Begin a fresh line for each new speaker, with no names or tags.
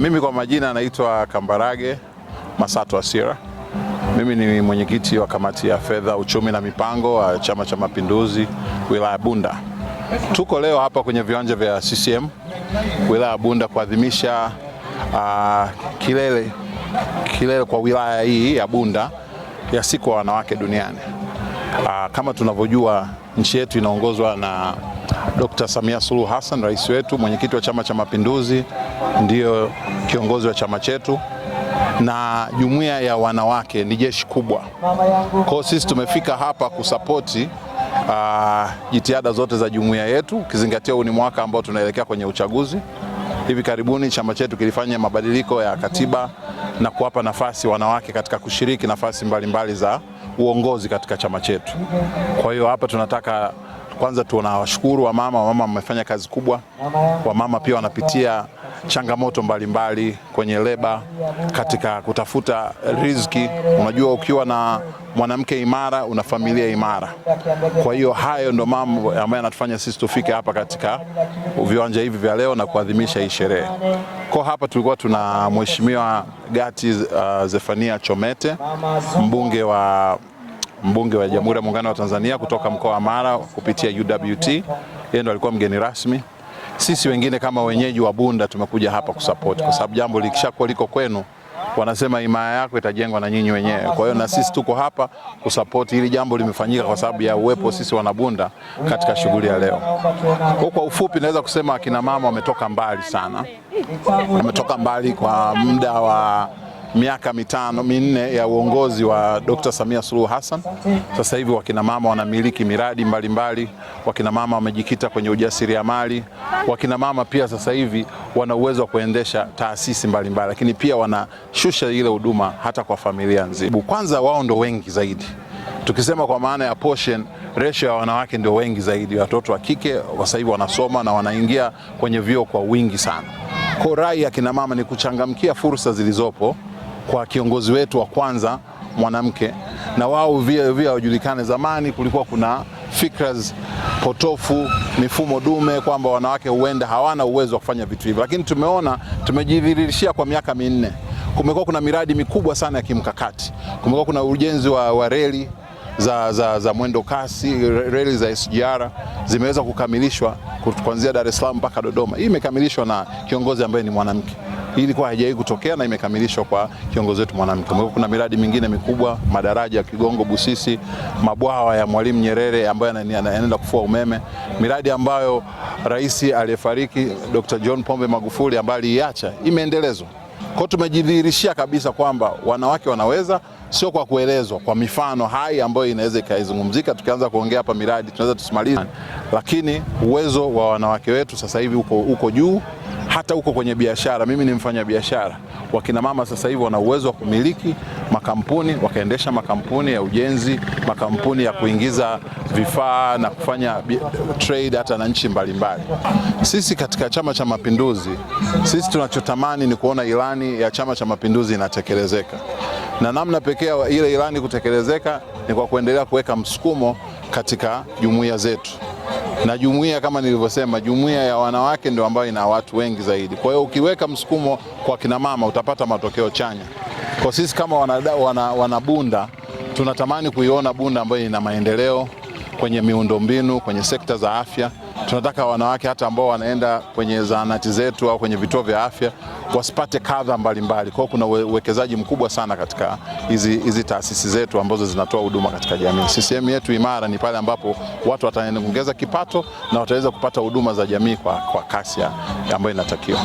Mimi kwa majina naitwa Kambarage Masato Asira. Mimi ni mwenyekiti wa kamati ya fedha, uchumi na mipango wa Chama cha Mapinduzi wilaya Bunda. Tuko leo hapa kwenye viwanja vya CCM wilaya ya Bunda kuadhimisha uh, kilele, kilele kwa wilaya hii ya Bunda ya siku ya wanawake duniani. Uh, kama tunavyojua nchi yetu inaongozwa na Dkt. Samia Suluhu Hassan, rais wetu, mwenyekiti wa Chama cha Mapinduzi, ndiyo kiongozi wa chama chetu, na jumuiya ya wanawake ni jeshi kubwa. Kwa hiyo sisi tumefika hapa kusapoti uh, jitihada zote za jumuiya yetu, ukizingatia huu ni mwaka ambao tunaelekea kwenye uchaguzi. Hivi karibuni chama chetu kilifanya mabadiliko ya katiba na kuwapa nafasi wanawake katika kushiriki nafasi mbalimbali mbali za uongozi katika chama chetu. Kwa hiyo hapa tunataka kwanza tunawashukuru wamama, wamama wamefanya kazi kubwa. Wamama pia wanapitia changamoto mbalimbali mbali, kwenye leba katika kutafuta riziki. Unajua, ukiwa na mwanamke imara una familia imara. Kwa hiyo hayo ndo mambo ambayo yanatufanya sisi tufike hapa katika viwanja hivi vya leo na kuadhimisha hii sherehe. Kwa hapa tulikuwa tuna mheshimiwa Gati uh, Zefania Chomete mbunge wa mbunge wa Jamhuri ya Muungano wa Tanzania kutoka mkoa wa Mara kupitia UWT. Yeye ndo alikuwa mgeni rasmi. Sisi wengine kama wenyeji wa Bunda tumekuja hapa kusupport, kwa sababu jambo likishakuwa liko kwenu, wanasema imaya yako itajengwa na nyinyi wenyewe. Kwa hiyo na sisi tuko hapa kusupport hili jambo, limefanyika kwa sababu ya uwepo sisi wanabunda katika shughuli ya leo. Kwa kwa ufupi, naweza kusema akina mama wametoka mbali sana, wametoka mbali kwa muda wa miaka mitano minne ya uongozi wa Dr. Samia Suluhu Hassan. Sasa hivi wakinamama wanamiliki miradi mbalimbali, wakinamama wamejikita kwenye ujasiriamali, wakinamama pia sasa hivi wana uwezo wa kuendesha taasisi mbalimbali, lakini pia wanashusha ile huduma hata kwa familia nzima. Kwanza wao ndo wengi zaidi tukisema kwa maana ya portion ratio ya wanawake ndio wengi zaidi. Watoto wa kike sasa hivi wanasoma na wanaingia kwenye vyuo kwa wingi sana. Kwa rai ya kina mama ni kuchangamkia fursa zilizopo kwa kiongozi wetu wa kwanza mwanamke, na wao vile vile wajulikane. Zamani kulikuwa kuna fikra potofu, mifumo dume kwamba wanawake huenda hawana uwezo wa kufanya vitu hivyo, lakini tumeona, tumejidhihirishia kwa miaka minne, kumekuwa kuna miradi mikubwa sana ya kimkakati, kumekuwa kuna ujenzi wa, wa reli za, za, za mwendo kasi, reli za SGR zimeweza kukamilishwa kuanzia Dar es Salaam mpaka Dodoma. Hii imekamilishwa na kiongozi ambaye ni mwanamke. Hii ilikuwa haijawahi kutokea na imekamilishwa kwa kiongozi wetu mwanamke. Kuna miradi mingine mikubwa, madaraja ya Kigongo Busisi, mabwawa ya Mwalimu Nyerere ambayo yanaenda kufua umeme, miradi ambayo rais aliyefariki Dr. John Pombe Magufuli ambaye aliiacha imeendelezwa. Kwa tumejidhihirishia kabisa kwamba wanawake wanaweza, sio kwa kuelezwa, kwa mifano hai ambayo inaweza ikaizungumzika. Tukianza kuongea hapa miradi tunaweza tusimalize, lakini uwezo wa wanawake wetu sasa hivi uko, uko juu hata huko kwenye biashara. Mimi ni mfanya biashara, wakina mama sasa hivi wana uwezo wa kumiliki makampuni, wakaendesha makampuni ya ujenzi, makampuni ya kuingiza vifaa na kufanya trade hata na nchi mbalimbali. Sisi katika Chama cha Mapinduzi, sisi tunachotamani ni kuona ilani ya Chama cha Mapinduzi inatekelezeka, na namna pekee ile ilani kutekelezeka ni kwa kuendelea kuweka msukumo katika jumuiya zetu na jumuiya kama nilivyosema, jumuiya ya wanawake ndio ambayo ina watu wengi zaidi. Kwa hiyo ukiweka msukumo kwa kinamama utapata matokeo chanya. Kwa sisi kama wanada, wana, wana Bunda tunatamani kuiona Bunda ambayo ina maendeleo kwenye miundombinu, kwenye sekta za afya tunataka wanawake hata ambao wanaenda kwenye zahanati zetu au kwenye vituo vya afya wasipate kadha mbalimbali. Kwa hiyo kuna uwekezaji mkubwa sana katika hizi hizi taasisi zetu ambazo zinatoa huduma katika jamii. CCM yetu imara ni pale ambapo watu wataongeza kipato na wataweza kupata huduma za jamii kwa, kwa kasi ambayo inatakiwa.